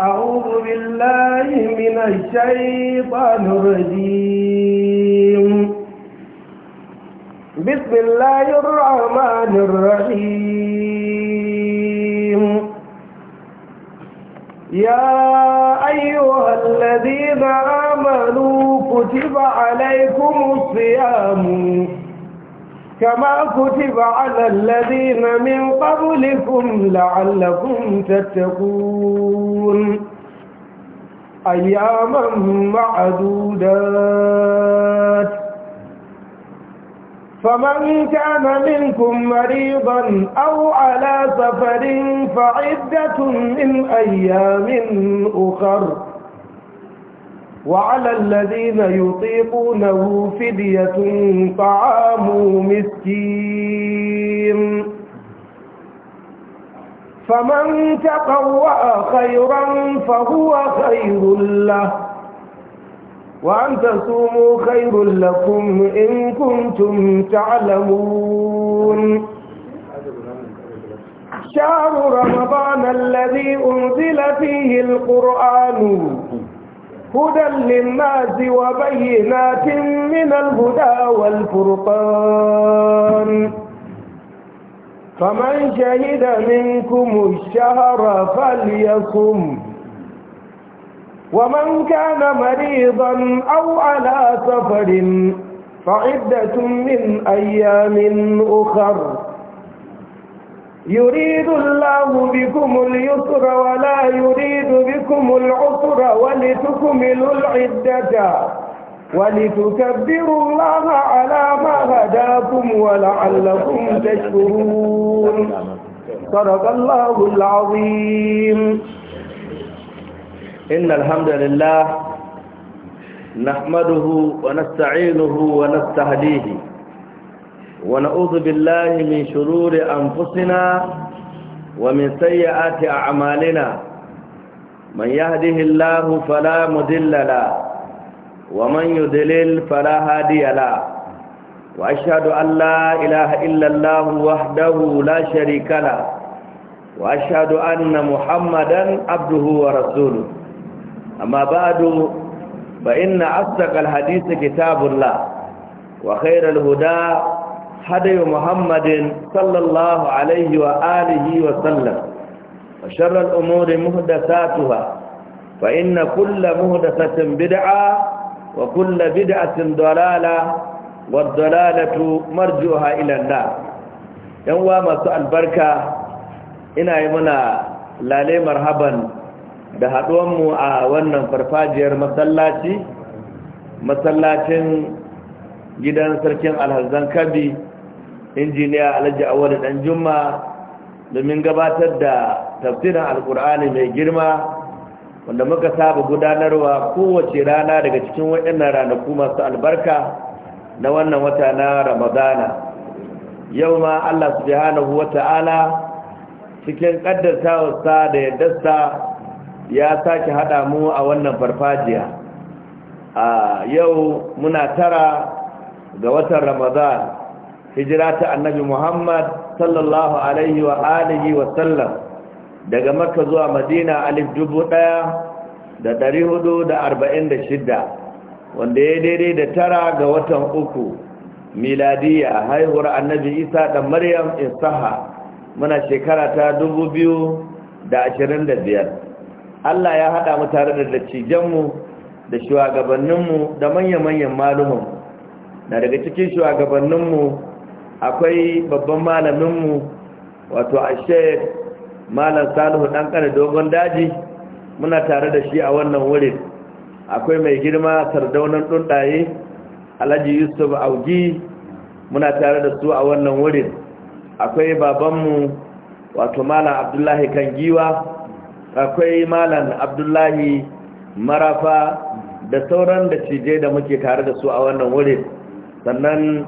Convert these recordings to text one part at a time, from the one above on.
أعوذ بالله من الشيطان الرجيم بسم الله الرحمن الرحيم يا أيها الذين آمنوا كتب عليكم الصيام كما كتب على الذين من قبلكم لعلكم تتقون أياما معدودات فمن كان منكم مريضا أو على سفر فعدة من أيام أخر وعلى الذين يطيقونه فدية طعام مسكين فمن تطوع خيرا فهو خير له وأن تصوموا خير لكم إن كنتم تعلمون شهر رمضان الذي أنزل فيه القرآن هدى للناس وبينات من الهدى والفرقان فمن شهد منكم الشهر فليصم ومن كان مريضا أو على سفر فعدة من أيام أخر يريد الله بكم اليسر ولا يريد بكم العسر ولتكملوا العدة ولتكبروا الله على ما هداكم ولعلكم تشكرون صدق الله العظيم إن الحمد لله نحمده ونستعينه ونستهديه ونعوذ بالله من شرور أنفسنا ومن سيئات أعمالنا من يهده الله فلا مدل له ومن يدلل فلا هادي له وأشهد أن لا إله إلا الله وحده لا شريك له وأشهد أن محمدا عبده ورسوله أما بعد فإن أصدق الحديث كتاب الله وخير الهدى هدي محمد صلى الله عليه وآله وسلم وشر الأمور مهدساتها فإن كل مهدسة بدعة وكل بدعة ضلالة والضلالة مرجوها إلى النار ينوى مساء البركة إنا يمنى لالي مرحبا da haɗuwanmu a wannan farfajiyar masallaci masallacin gidan sarkin alhazan kabi injiniya alhaji awali dan juma domin gabatar da tafsirin alkur'ani mai girma wanda muka saba gudanarwa kowace rana daga cikin waɗannan ranaku masu albarka na wannan wata na ramadana yau ma allah subhanahu wata'ala cikin ƙaddartawarsa da yardarsa ya sake haɗa mu a wannan farfajiya a yau muna tara ga watan Ramadana. hijira ta annabi muhammad sallallahu alaihi wa alihi wa sallam daga makka zuwa madina alif dubu ɗaya da dari hudu da arba'in da shida, wanda ya daidai da tara ga watan uku miladiya haihuwar annabi isa da maryam isaha muna shekara ta dubu biyu da ashirin da biyar allah ya haɗa mu tare da dattijanmu da shugabanninmu da manya-manyan malumin na daga cikin shugabanninmu akwai babban malaminmu wato ashe malam salihu dan kana dogon daji muna tare da shi a wannan wurin akwai mai girma sardaunan dundaye alhaji yusuf augi muna tare da su a wannan wurin akwai babanmu wato malam abdullahi giwa akwai malam abdullahi marafa da sauran da cije da muke tare da su a wannan wurin sannan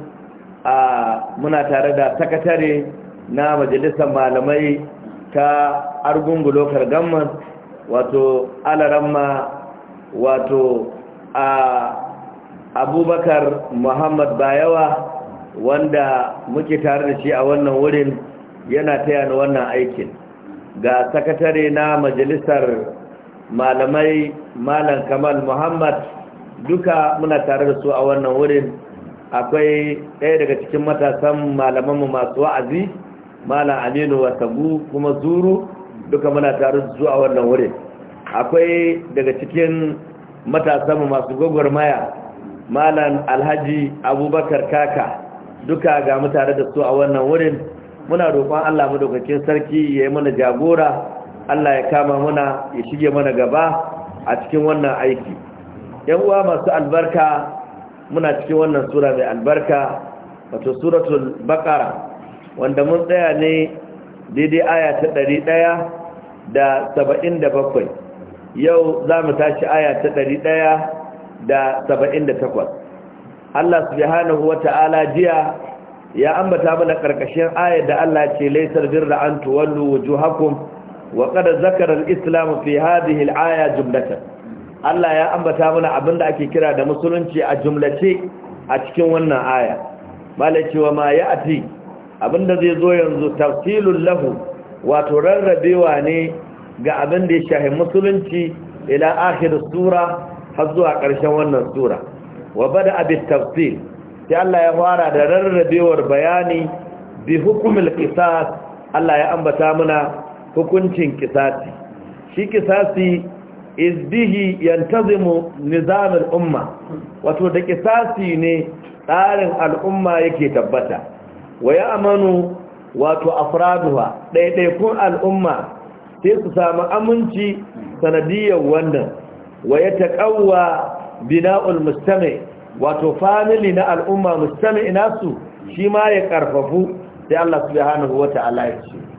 a muna tare da sakatare na majalisar malamai ta argungu lokar gamman wato alaramma wato a abubakar muhammad bayawa wanda muke tare da shi a wannan wurin yana taya ni wannan aikin ga sakatare na majalisar malamai malam kamal muhammad duka muna tare da su a wannan wurin akwai ɗaya daga cikin matasan malamanmu masu wa'azi malam aminu wasagu kuma zuru duka muna tare zuwa wannan wuri akwai daga cikin matasanmu masu gwagwarmaya malam alhaji abubakar kaka duka ga mutare da su a wannan wurin muna roƙon allah madaukakin sarki ya yi mana jagora allah ya kama muna ya shige mana gaba a cikin wannan aiki yan uwa masu albarka muna cikin wannan sura mai albarka wato suratul baqara wanda mun tsaya ne daidai aya ta ɗari ɗaya da saba'in da bakwai yau za mu tashi aya ta ɗari ɗaya da saba'in da takwas Allah subhanahu wa ta'ala jiya ya ambata mana ƙarƙashin ayar da Allah ce laisar birra an tuwallu wujuhakum wa qad zakara al-islam fi hadhihi al-aya jumlatan Allah ya ambata mana abin da ake kira da musulunci a jumlace a cikin wannan aya malai cewa ma ya ati abin da zai zo yanzu tafsilul lahu wato rarrabewa ne ga abin da ya shahi musulunci ila akhir sura har zuwa ƙarshen wannan sura wa bada abin tafsil sai Allah ya fara da rarrabewar bayani bi hukumul qisas Allah ya ambata mana hukuncin qisasi shi qisasi izbihi yantazimu nizamin umma wato da kisasi ne tsarin al'umma yake tabbata wa ya amanu wato afraduwa ɗaiɗaikun al'umma sai su samu aminci sanadiyar wannan wa ya taƙawa bina'ul wato famili na al'umma mustame ina su shi ma ya ƙarfafu sai Allah subhanahu wata ta'ala ya ce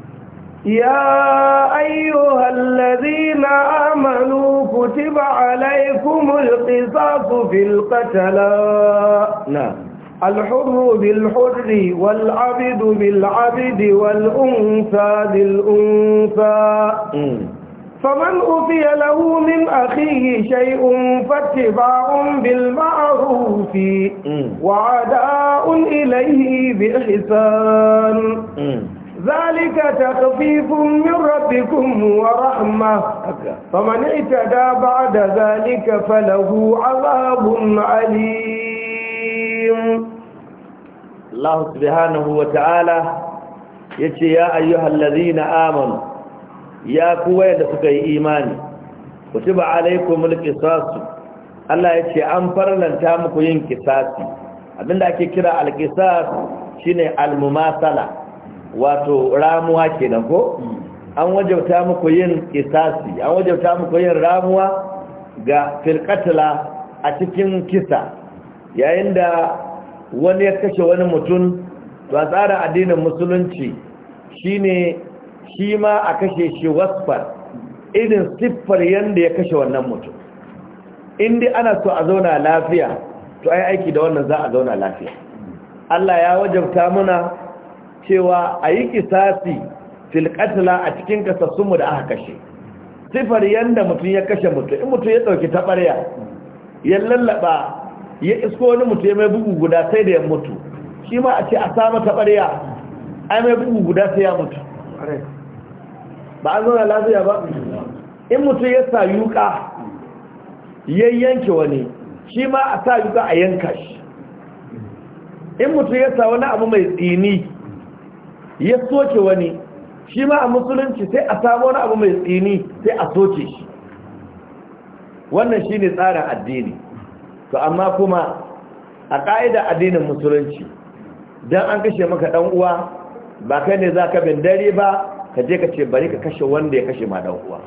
يا أيها الذين آمنوا كتب عليكم القصاص في القتلى نعم الحر بالحر والعبد بالعبد والأنثى بالأنثى فمن أفي له من أخيه شيء فاتباع بالمعروف وعداء إليه بإحسان ذلك تخفيف من ربكم ورحمة فمن اعتدى بعد ذلك فله عذاب عليم الله سبحانه وتعالى يتي يا أيها الذين آمنوا يا كوية سكي إيماني وتبع عليكم القصاص الله يتي أنفر لن تامكو ينكساسي abinda ake kira alkisas shine almumasala wato ramuwa kenan ko hmm. an wajauta muku yin kisasi an wajauta muku yin ramuwa ga firkatala a cikin kisa yayin da wani ya kashe wani mutum to a tsarin addinin musulunci shine shi ma a kashe shi wasfar irin siffar yadda ya kashe wannan mutum inda ana so a zauna lafiya to ai aiki da wannan za a zauna lafiya hmm. Allah ya wajabta muna cewa a yi kisasi filƙatila a cikin kasassunmu da aka kashe sifar yadda mutum ya kashe mutum in mutum ya ɗauki taɓarya ya lallaba ya isko wani mutum ya mai bugu guda sai da ya mutu shi ma a ce a samu taɓarya a mai bugu guda sai ya mutu ba an zauna lafiya ba in mutum ya sa yuka ya yanke wani shi ma a sa yuka a yanka shi in mutum ya sa wani abu mai tsini ya soke wani shi ma a musulunci sai a samu wani abu mai tsini sai a soke shi wannan shi ne tsarin addini to amma kuma a ƙa'ida addinin musulunci don an kashe maka ɗan uwa ba kai ne za ka bin dare ba ka je ka ce bari ka kashe wanda ya kashe ma ɗan uwa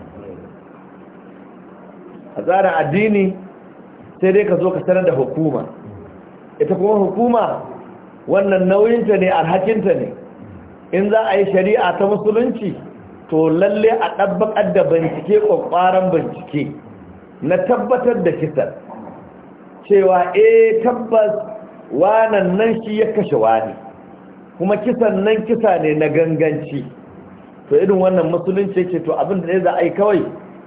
a tsarin addini sai dai ka zo ka sanar da hukuma ita kuma hukuma wannan nauyinta ne alhakinta ne in za a yi shari'a ta musulunci to lalle a ɗabbaƙar da bincike ƙwaƙwaran bincike na tabbatar da kisan cewa e tabbas wanan nan shi ya kashe wani kuma kisan nan kisa ne na ganganci to irin wannan musulunci ce to abin da za a yi kawai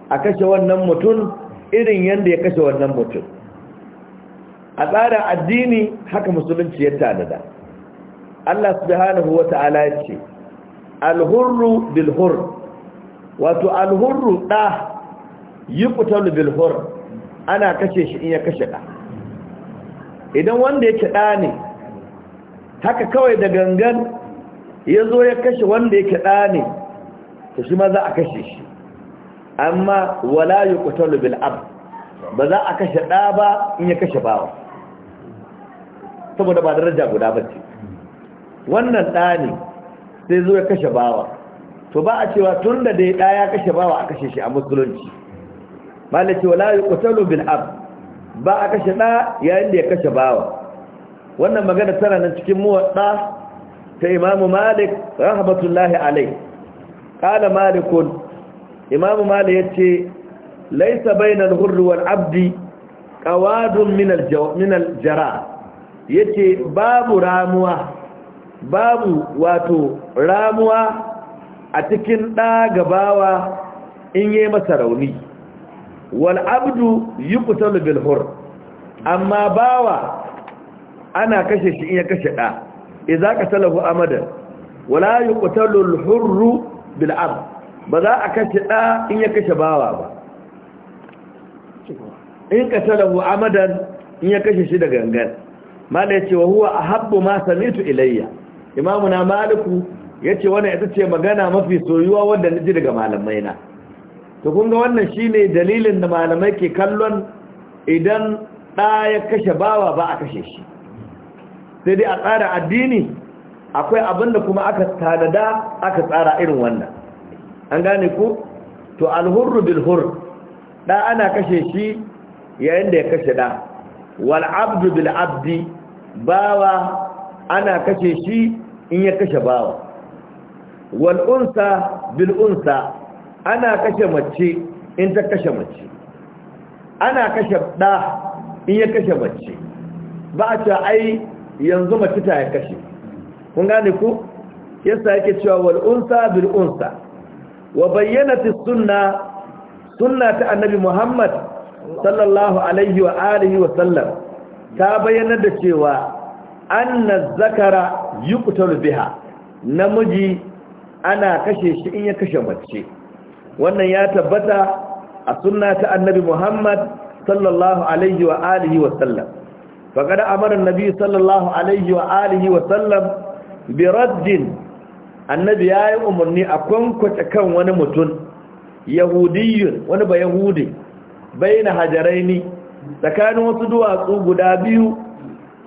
a kashe wannan mutum irin yadda ya kashe wannan mutum a tsarin addini haka musulunci ya tanada Allah subhanahu wa ta'ala ce alhurru bilhur wato alhurru ɗa yi kutalu bilhur ana kashe shi in ya kashe ɗa, idan wanda yake ɗa ne haka kawai da gangan ya zo ya kashe wanda yake ɗa ne ta shi za a kashe shi amma wala yi kutalu bil'ab ba za a kashe ɗa ba in ya kashe bawa saboda ba daraja guda ba ce wannan ɗa ne sai zo ya kashe bawa to ba a cewa tun da dai ɗa ya kashe bawa a kashe shi a musulunci ba da cewa layu yuqtalu bin ab ba a kashe ɗa yayin da ya kashe bawa wannan magana tana nan cikin muwaɗa ta imamu malik rahmatullahi alai ƙala malikun imamu malik ya ce laisa bainar hurruwar abdi ƙawadun minal jara yace babu ramuwa babu wato ramuwa a cikin ɗagabawa in yi masa rauni wal abdu yi kusan bilhur amma bawa ana kashe shi in ya kashe ɗa iza ka salahu Amadar? wala yi kusan bilhurru bil'ab ba za a kashe ɗa in ya kashe bawa ba in ka salahu amadan in ya kashe shi da gangan ma da ya ce wa huwa a habbu ma samitu ilayya imamu na maliku ya ce wani ita ce magana mafi soyuwa wadda na ji daga malamai na to kun ga wannan shine dalilin da malamai ke kallon idan ɗa ya kashe bawa ba a kashe shi sai dai a tsara addini akwai abin da kuma aka tanada aka tsara irin wannan an gane ku to alhurru Bilhur ɗa ana kashe shi yayin da ya kashe ɗa wal Bilabdi bawa ana kashe shi in ya kashe bawa wal unsa bil unsa ana kashe mace in ta kashe mace ana kashe da in ya kashe mace ba a ce ai yanzu mace ta ya kashe kun gane ku yasa yake cewa wal unsa bil unsa wa bayyana sunna sunna ta annabi muhammad sallallahu alaihi wa alihi wa sallam ta bayyana da cewa anna zakara yuqtalu biha namiji ana kashe shi in ya kashe mace wannan ya tabbata a sunna ta annabi Muhammad sallallahu alaihi wa alihi wa sallam faqad amara annabi sallallahu alaihi wa alihi wa sallam bi raddin annabi yayi umarni a kwankwata kan wani mutum yahudiyyun wani ba yahudi baina hajaraini tsakanin wasu duwatsu guda biyu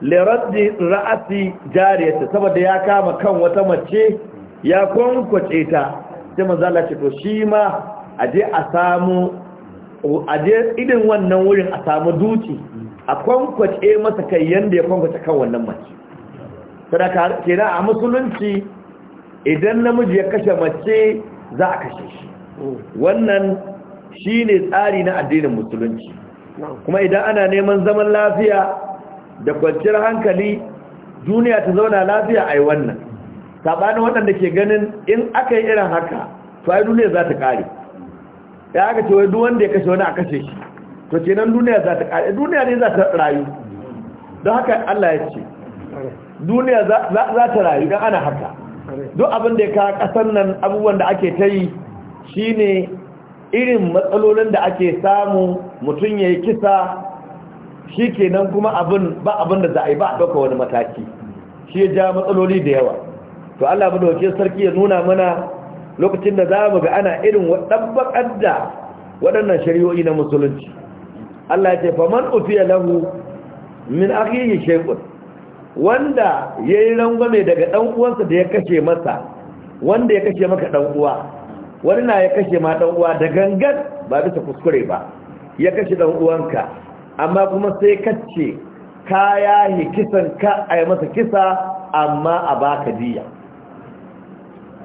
liraddi ra'asi jariyata saboda ya kama kan wata mace ya kwankwace ta sai manzala ce to shi ma aje a samu aje idin wannan wurin a samu duci a kwankwace masa kai yanda ya kwankwace kan wannan mace sadaka kenan a musulunci idan namiji ya kashe mace za a kashe shi wannan shine tsari na addinin musulunci kuma idan ana neman zaman lafiya da kwanciyar hankali duniya ta zauna lafiya a yi wannan saɓanin waɗanda ke ganin in aka yi irin haka to ai duniya za ta ƙare ya aka ce wai duk wanda ya kashe wani a kashe shi to ce nan duniya za ta ƙare duniya ne za ta rayu don haka Allah ya ce duniya za ta rayu don ana haka Don abin da ya kawo ƙasar nan abubuwan da ake ta yi shi ne irin matsalolin da ake samu mutum ya yi kisa shi kenan kuma abin ba abin da za a yi ba a ɗauka wani mataki shi ya ja matsaloli da yawa to Allah mu dauke sarki ya nuna mana lokacin da za mu ga ana irin waɗan da waɗannan shari'o'i na musulunci Allah ya ce faman ufiya lahu min akhihi shay'un wanda yayi rangwame daga dan uwansa da ya kashe masa wanda ya kashe maka dan uwa wani na ya kashe ma dan uwa da gangan ba bisa kuskure ba ya kashe dan uwanka amma kuma sai kace ka yahi kisan ka a yi masa kisa amma a baka jiya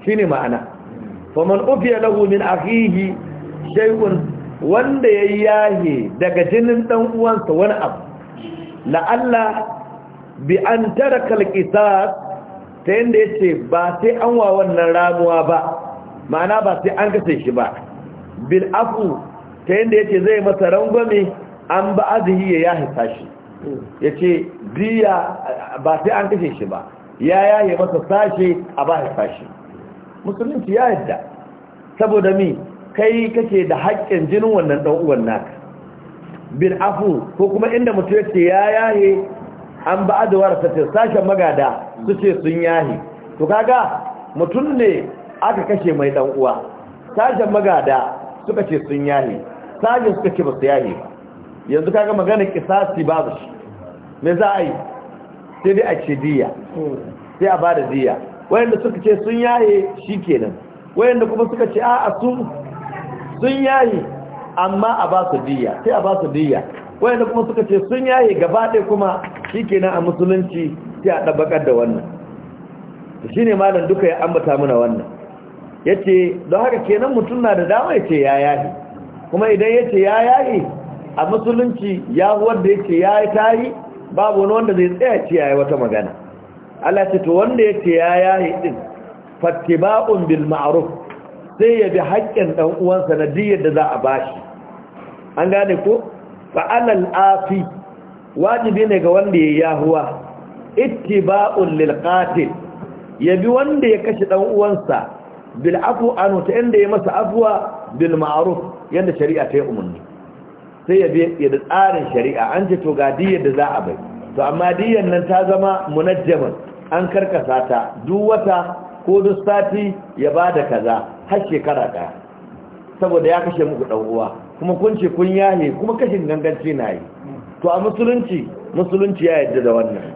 shi ne ma'ana faman ya lagu min ahihi shaikun wanda ya yahe daga jinin dan uwansa wani abu la'alla bi an tara kalkisa ta ta yanda ce ba sai an wa wannan ramuwa ba ma'ana ba sai an kace shi ba bil afu ta yanda ce zai masa rangwame an ba azihi ya yahi shi ya ce biya ba sai an kashe shi ba ya yahi masa sashe a ba ya musulunci ya yadda saboda mi kai kake da haƙƙin jinin wannan ɗan'uwan uwan naka Bin afu ko kuma inda mutum yace ya yahi an ba da ce, sashen magada su ce sun yahi. to kaga mutum ne aka kashe mai ɗan uwa sashen magada suka ce sun yahe sashen suka ce ba su yahi ba yanzu kaga magana kisasi babu shi me za a yi sai dai a ce diya sai a bada diya wayanda suka ce sun yaye shikenan wayanda kuma suka ce a'a sun sun yaye amma a ba su diya sai a ba su diya wayanda kuma suka ce sun yaye gaba ɗaya kuma shikenan a musulunci sai a ɗabakar da wannan shine malam duka ya ambata mana wannan yace don haka kenan mutum na da dama yace ya yaye kuma idan yace ya yaye a musulunci ya wanda yake yi tari, babu wani wanda zai tsaya ce yi wata magana Allah ce to wanda ya yayi din fattiba'un bil ma'aruf sai ya bi haƙƙin ɗan uwansa na diyar da za a bashi an gane ko fa'alal afi wajibi ne ga wanda ya yi yahuwa ittiba'un lil qatil ya bi wanda ya kashe ɗan uwansa bil afu anu ta inda ya masa afuwa, bil ma'ruf yanda shari'a ta yi umarni sai ya biya da tsarin shari'a an ce to ga diyar da za a bai to amma diyar nan ta zama munajjaman an karkasa ta duk wata ko duk sati ya bada kaza har shekara ɗaya saboda ya kashe muku ɗan uwa kuma kun ce kun yahe kuma kashin ganganci na yi to a musulunci musulunci ya yarda da wannan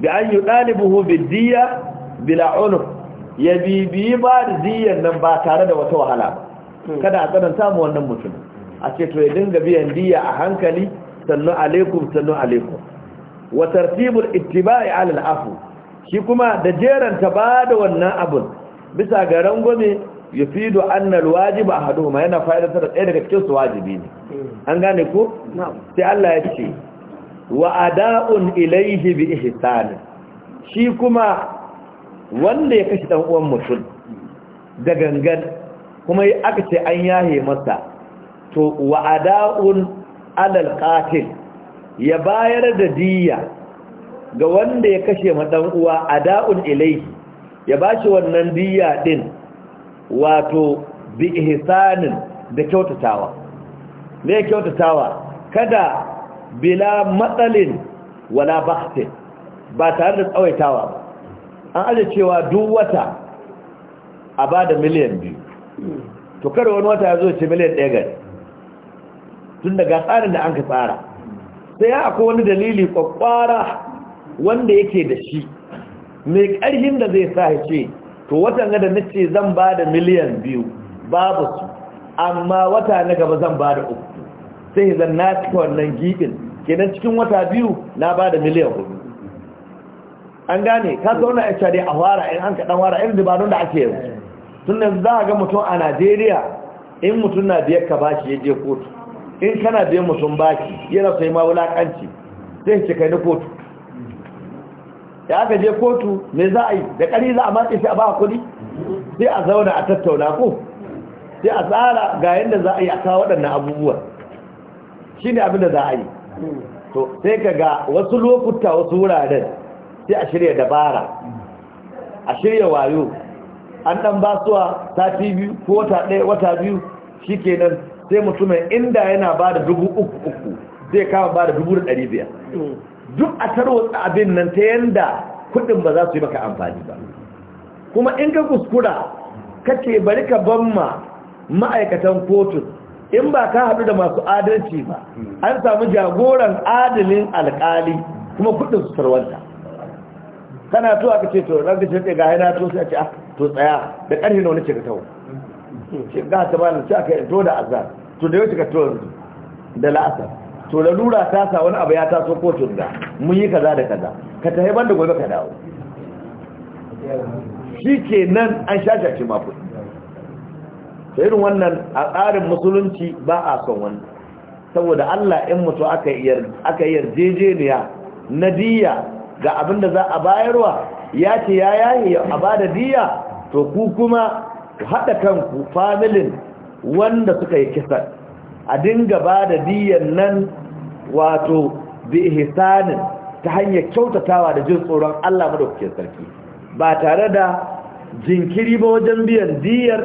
bi an yi ɗalibuhu bidiyya bila unuf ya bibiyi ba da diyar nan ba tare da wata wahala ba kada a tsananta mu wannan mutumin a ce to ya dinga biyan diya a hankali sannu alaikum sannu alaikum wa tartibul ittiba'i ala afu shi kuma da ta ba da wannan abun bisa ga rangwame yufidu anna alwajiba ma yana fa'idatar da ɗaya daga cikin su wajibi ne an gane ko sai Allah ya ce wa ada'un ilayhi bi ihsan shi kuma wanda ya kashi dan uwan mutum da gangan kuma aka ce an yahe masa to wa'ada'un alal qatil ya bayar da diyya ga wanda ya kashe madan uwa ada'un ilaihi ya bashi wannan diyya din wato bi ihsanin da kyautatawa ne kyautatawa kada bila matsalin wala bahtin ba tare da tsawaitawa ba an aje cewa duk wata a ba da miliyan biyu to kada wani wata ya zo ce miliyan ɗaya gari tun daga tsarin da an ka tsara sai ya akwai wani dalili kwakwara wanda yake da shi mai ƙarfin da zai sa ya ce to watan da na ce zan ba da miliyan biyu babu su amma wata na gaba zan ba da uku sai zan na cika wannan gibin kenan cikin wata biyu na ba da miliyan hudu an gane ka zauna a cari a wara in an kaɗan wara irin dabarun da ake yanzu tun da za a ga mutum a najeriya in mutum na biyar ka ba shi ya je kotu in kana biyan mutum baki yana sai ma wulakanci sai cika kai na kotu ya aka je kotu me za a yi da ƙari za a matse shi a ba kuɗi sai a zauna a tattauna ko sai a tsara ga yadda za a yi a kawo waɗannan abubuwan shi ne abin da za a yi to sai ka ga wasu lokuta wasu wuraren sai a shirya dabara a shirya wayo an ɗan basuwa sati biyu ko wata ɗaya wata biyu shi kenan sai mutumin inda yana ba da dubu uku uku zai kama ba da dubu da ɗari biyar hmm. duk a tarwatsa abin nan ta yanda kuɗin ba za su yi maka amfani ba kuma in ka kuskura kake bari ka ban ma ma'aikatan kotun in ba ka haɗu da masu adalci ba hmm. an samu jagoran adalin alkali kuma kuɗin su tarwanta kana to aka ce to shi ce ga yana to sai a ce ah, to tsaya da ƙarfi na wani ce tawo ce ga ta ce aka to da azar to da yau ka to da la'asar to da lura ta sa wani abu ya taso ko tunda mun yi kaza da kaza ka tafi banda gobe ka dawo shi ke nan an ce mafi ta irin wannan a tsarin musulunci ba a son wani saboda allah in mutu aka yarjejeniya na diya ga abin da za a bayarwa ya ce ya yayi a ba da diya to ku kuma ku haɗa kanku familin wanda suka yi kisan a dinga ba da diyan nan wato bi ihsanin ta hanyar kyautatawa da jin tsoron Allah madaukakin sarki ba tare da jinkiri ba wajen biyan diyar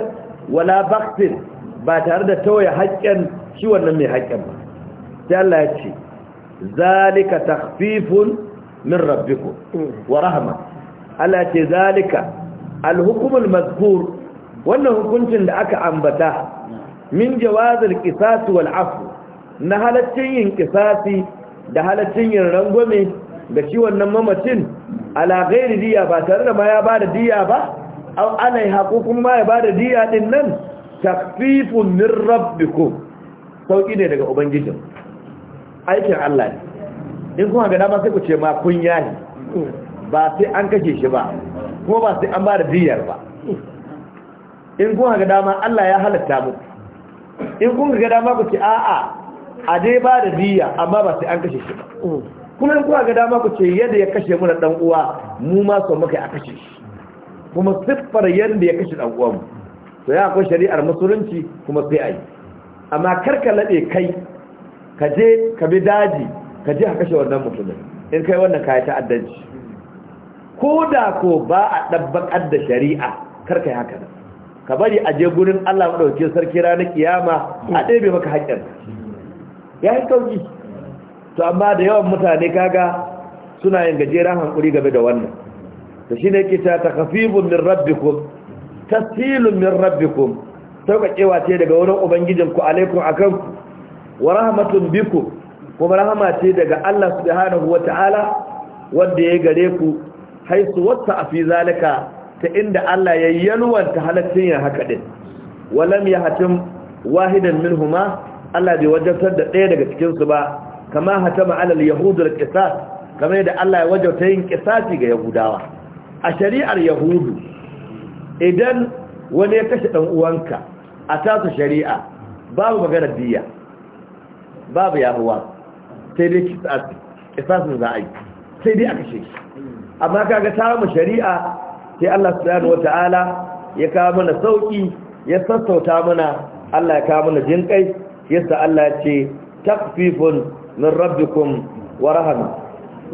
wala baktin ba tare da tawaye haƙƙin shi wannan mai haƙƙin ba sai Allah ya ce zalika takhfifun min rabbikum wa rahma Allah ce zalika alhukumul mazkur wannan hukuncin da aka ambata min jawazil qisas wal na halaccin yin qisasi da halaccin yin rangwame da shi wannan mamacin ala ghairi diya ba tare da ma ya bada diya ba aw alai kuma ma ya bada diya din nan takfifun min rabbikum sauki ne daga ubangijin aikin Allah ne in kuma ga dama sai ku ce ma kun yayi ba sai an kashe shi ba kuma ba sai an bada diyar ba in kun ga dama Allah ya halatta mu in kun ga dama ku ce a'a a dai ba da diya amma ba sai an kashe shi ba kuma in kun ga dama ku ce yadda ya kashe mu na dan uwa mu ma so muka a kashe shi kuma siffar yadda ya kashe dan uwan mu to ya akwai shari'ar musulunci kuma sai ai amma kar ka lade kai ka je ka bi daji ka je ka kashe wannan mutumin in kai wannan ta ta'addanci ko da ko ba a dabbakar da shari'a karka yi haka nan ka bari a je gurin Allah madaukakin sarki ranar kiyama a ɗebe maka haƙƙin ya yi sauki to amma da yawan mutane kaga suna yin gajeren hankuri game da wannan to shine yake ta takafifun min rabbikum tasilun min rabbikum sauƙaƙewa ce daga wurin ubangijin ku alaikum akan kanku. wa rahmatun bikum kuma rahama ce daga Allah subhanahu Ta'ala, wanda ya gare ku haisu wata a fi zalika ta inda Allah ya yalwanta halaccin yin haka din walam ya hatim wahidan huma Allah bai wajabtar da ɗaya daga cikin su ba kama hatama alal yahudul qisas kamar yadda Allah ya wajabta yin qisasi ga yahudawa a shari'ar yahudu idan wani ya kashe dan uwanka a tasu shari'a babu magana biya, babu yahuwa sai dai qisasi qisasin za a yi sai dai aka kashe amma kaga ta shari'a sai Allah subhanahu wata'ala ya kawo mana sauki ya sassauta mana Allah ya kawo mana jinkai yasa Allah ya ce takfifun min rabbikum wa rahman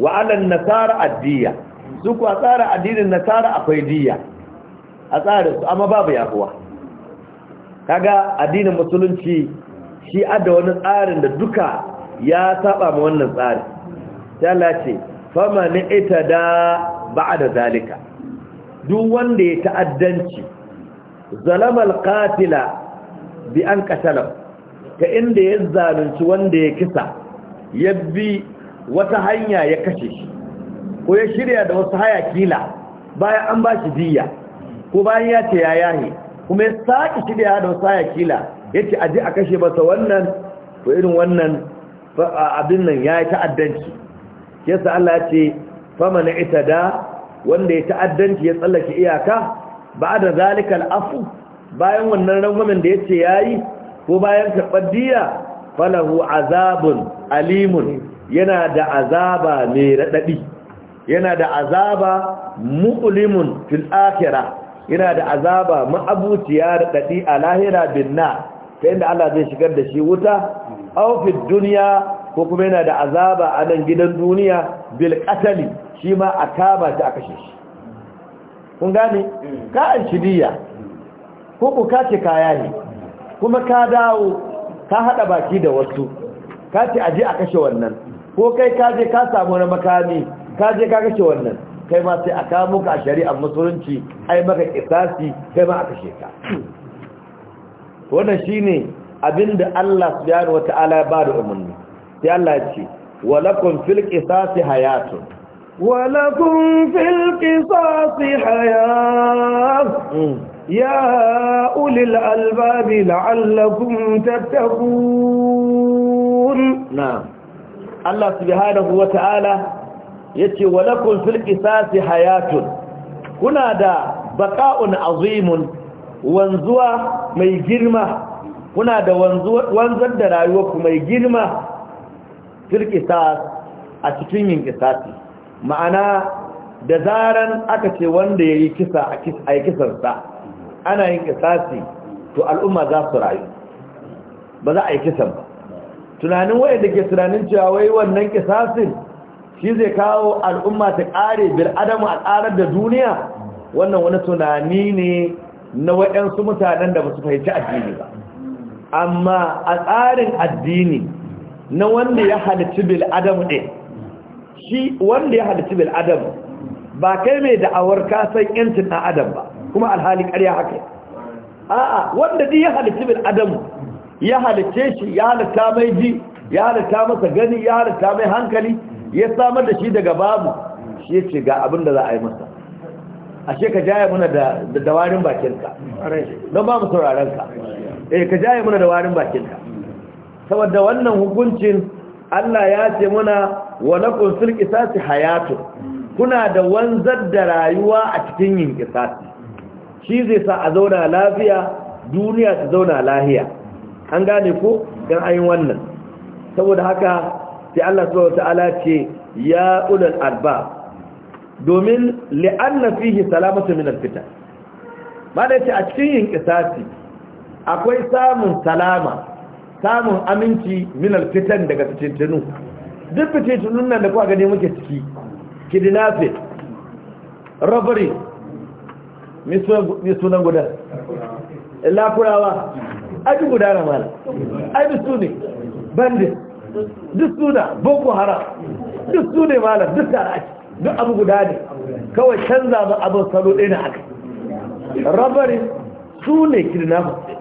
wa 'ala an-nasara diyya duk a tsara addinin nasara akwai diyya a tsara su amma babu yahuwa kaga addinin musulunci shi adda wani tsarin da duka ya saba ma wannan tsari sai Allah ce famani itada ba'da zalika duk wanda ya ta'addanci zalamal qatila bi an qatala ka inda ya zalunci wanda ya kisa ya bi wata hanya ya kashe shi ko ya shirya da wasu hayakila bayan an ba shi diya ko bayan ya ce ya yahe kuma ya saki shirya da wasu hayakila ya ce ji a kashe masa wannan ko irin wannan abin nan ya yi ta'addanci yasa Allah ya ce famana ita da wanda ya ta'addanci ya tsallake iyaka ba da zalikal afu bayan wannan rangwamen da ya ce ya yi ko bayan karɓar diya falahu azabun alimun yana da azaba mai raɗaɗi yana da azaba mu'ulimun fil akira yana da azaba ma'abuciya raɗaɗi a lahira binna ta inda Allah zai shigar da shi wuta aufin duniya ko kuma yana da azaba a nan gidan duniya bil qatali shi ma a kama shi a shi kun gane ka an shidiya ko ku kace kaya ne kuma ka dawo ka hada baki da wasu ka ce aje a kashe wannan ko kai ka je ka samu wani makami ka je ka kashe wannan kai ma sai a kamo ka a shari'ar musulunci ai maka kisasi kai ma a kashe ka wannan shine abinda Allah subhanahu wata'ala ya ba da umarni sai Allah ya ce walakum fil qisasi hayatun Walakun fil qisasi hayatun mm. ya ulil albab la'allakum tattaqun na'am Allah subhanahu wata'ala yace walakum fil qisasi hayatun kuna da baqa'un azimun wanzuwa mai girma kuna da wanzar da rayuwarku mai girma filkisas a cikin yin kisasi ma'ana da zaran aka ce wanda ya yi kisa a yi kisarsa ana yin kisasi to al'umma za su rayu ba za a yi kisan ba tunanin wayanda ke tunanin cewa wai wannan kisasin shi zai kawo al'umma ta ƙare bil adamu a karar da duniya wannan wani tunani ne na waɗansu mutanen da ba su fahimci addini ba amma a tsarin addini na wanda ya halitta bil adam ɗin shi wanda ya halitta bil adam ba kai mai da'awar kasan yancin na adam ba kuma alhali ƙarya haka a'a wanda duk ya halitta bil adam ya halitta shi ya halitta mai ji ya halitta masa gani ya halitta mai hankali ya samar da shi daga babu shi ya ce ga abin da za a yi masa ashe ka jaya muna da dawarin bakinka don ba mu ka eh ka jaya muna da warin bakinka saboda wannan hukuncin Allah ya ce muna wa na kunsul kisasi hayatu kuna da wanzar da rayuwa a cikin yin kisasi shi zai sa a zauna lafiya duniya ta zauna lahiya an gane ko don ayin wannan saboda haka sai Allah subhanahu wataala ce ya ulan alba domin li'anna fihi salamatu min al-fitan ba da ce a cikin yin kisasi akwai samun salama samun aminci minar fitan daga fitintunu duk fitintunun nan da kuwa gani muke ciki kidnafe robbery mai sunan guda lakurawa aji guda na mala aji su ne bandit duk suna boko haram duk su ne mala duk tara ake duk abu guda ne kawai canza ba abin salo ɗaya na aka robbery su ne kidnapping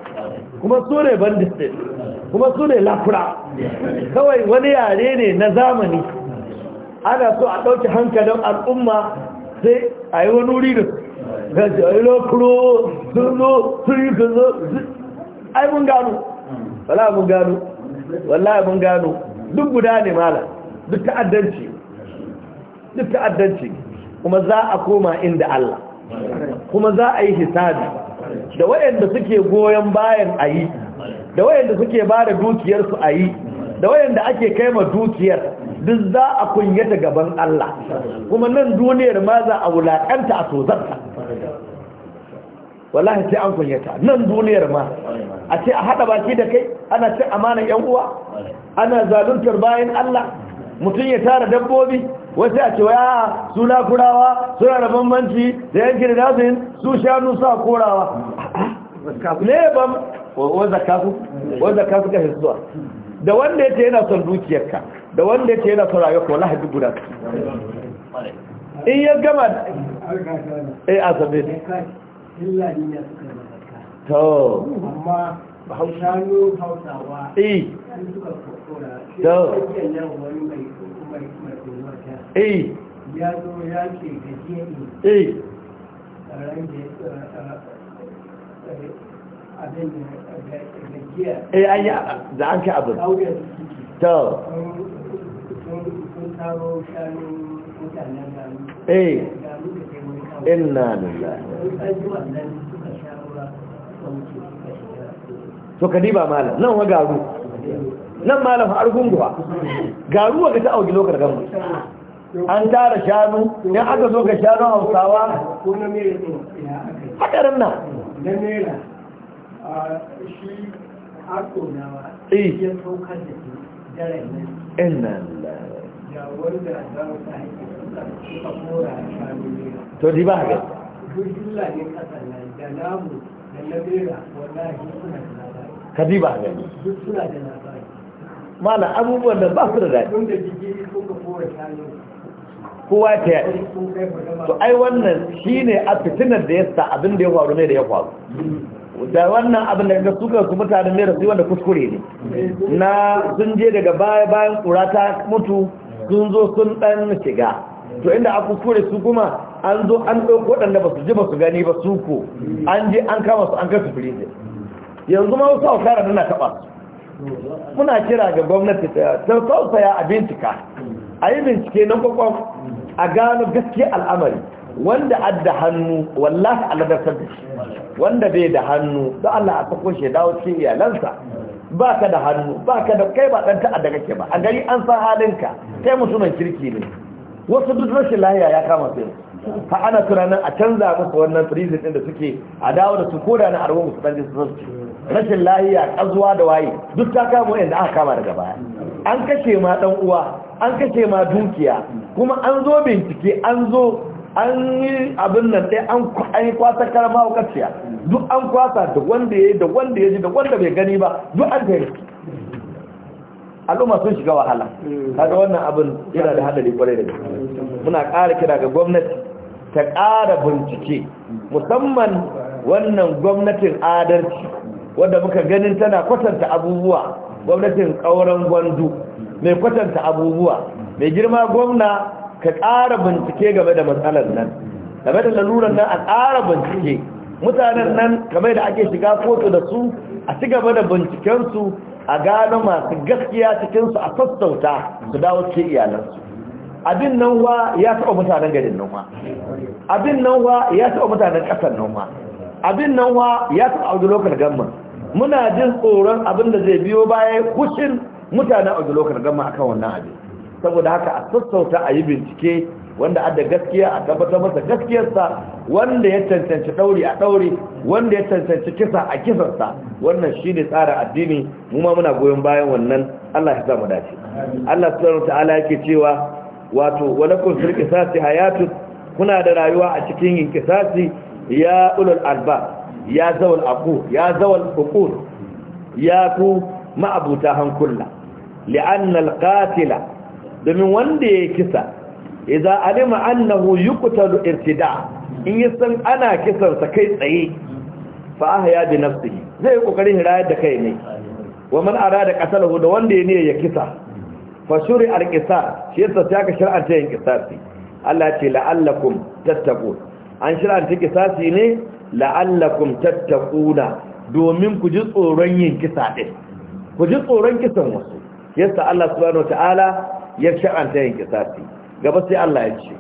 kuma su ne bandit kuma su ne lafura kawai wani yare ne na zamani ana so a ɗauki hankalin al'umma sai a yi wani wuri da gaji a yi lokuro sun zo sun yi sun ai mun gano wala mun gano wala mun gano duk guda ne mala duk ta'addanci duk ta'addanci kuma za a koma inda Allah kuma za a yi hisabi da waɗanda suke goyon bayan a yi da wayanda suke ba da dukiyarsu a yi da wayanda ake kai ma dukiyar duk za a kunyata gaban Allah kuma nan duniyar ma za a wulakanta a tozarta wallahi sai an kunyata nan duniyar ma a ce a haɗa baki da kai ana cin amanan yan uwa ana zaluntar bayan Allah mutum ya tara dabbobi wasu a cewa suna kurawa suna da bambanci da yankin nasin su shanu sa korawa ne ba wanda kafu wanda kafu ka hisuwa da wanda yace yana son dukiyarka da wanda yace yana son rayuwarka wallahi duk guda in ya gama eh azabe ne illa ni ya suka zakka to amma shanu hausawa eh suka kokora to eh ya zo ya ce gaje eh eh an yi da an kai abin to eh inna lillahi to kadiba malam nan wa garu nan malam har gunguwa garu wa gata ta auki lokacin gamu an tara shanu in aka so ga shanu hausawa haka nan na naira a shi ako nawa eh. ya saukar da ke dare nan inna da wanda za mu sa haƙi suka kora a shanu naira to di ba ga gudunla ne kasar nan da namu da na wanda wallahi suna da labari ka di ba ga duk suna da labari mana abubuwan da ba su da daɗi wanda jiki suka kora shanu kowa ta yaɗi to ai wannan shi ne a fitinar da ya sa abin da ya faru ne da ya faru da wannan abin da ga suka su mutanen ne da su wanda kuskure ne na sun je daga baya bayan kura ta mutu sun zo sun dan shiga to inda a kuskure su kuma an zo an ɗauko waɗanda ba su ji ba su gani ba su ko an je an kama su an kasu firiji. yanzu ma wasu kara na taɓa muna kira ga gwamnati ta sausaya a bincika a yi bincike na kwakwam a gano gaskiya al'amari wanda adda hannu wallahi aladartar da shi wanda bai da hannu don Allah a sako shi dawo cikin iyalansa ba ka da hannu ba ka da kai ba a daga ke ba a gari an san halinka kai musulman kirki ne wasu duk rashin lahiya ya kama sai ha ana tunanin a canza musu wannan prison ɗin da suke a dawo da su koda na arwa musu sun su rashin lahiya ƙazuwa da waye duk ta kama wa'in da aka kama daga baya an kashe ma ɗan uwa an kashe ma dukiya kuma an zo bincike an zo an yi abin nan dai, an yi kwasa karama wa kaciya duk an kwasa da wanda ya da wanda ya ji da wanda bai gani ba duk an kai al'umma sun shiga wahala kaga wannan abin yana da hadari kwarai da gaske muna ƙara kira ga gwamnati ta ƙara bincike musamman wannan gwamnatin adalci wadda muka ganin tana kwatanta abubuwa gwamnatin kauran gwandu mai kwatanta abubuwa mai girma gwamna ka ƙara bincike game da matsalar nan game da lalurar nan a ƙara bincike mutanen nan kamar da ake shiga kotu da su a ci gaba da bincikensu a gano masu gaskiya cikinsu a sassauta su dawo ce iyalansu abin nan wa ya taɓa mutanen garin nan wa abin nan wa ya taɓa mutanen ƙasar nan wa abin nan wa ya taɓa audulokar gamman muna jin tsoron abin da zai biyo baya kushin mutanen lokacin gama akan wannan abin saboda haka a sassauta a yi bincike wanda adda gaskiya a tabbatar masa gaskiyarsa wanda ya cancanci ɗauri a ɗauri wanda ya cancanci kisa a kisarsa wannan shi ne tsarin addini mu ma muna goyon bayan wannan Allah ya mu dace Allah subhanahu ta'ala yake cewa wato walakum fil qisasi hayatun kuna da rayuwa a cikin kisasi ya ulul albab ya zawal aku, ya zawal uqul ya ku ma'abuta hankula li'anna al-qatila domin wanda ya kisa idza alima annahu yuqtalu irtida in yasan ana kisan sa kai tsaye fa ahya bi nafsihi zai kokarin hirayar da kai ne wa man arada qatalahu da wanda ya ne ya kisa fa shuri al-qisas shi yasa ta ka shar'anta yin Allah ce la'allakum tattaqun an shar'anta qisasi ne la'allakum tattaquna domin ku ji tsoron yin kisa din ku ji tsoron kisan wasu yasa Allah subhanahu wataala ya sha'anta yin din. gaba sai Allah ya ce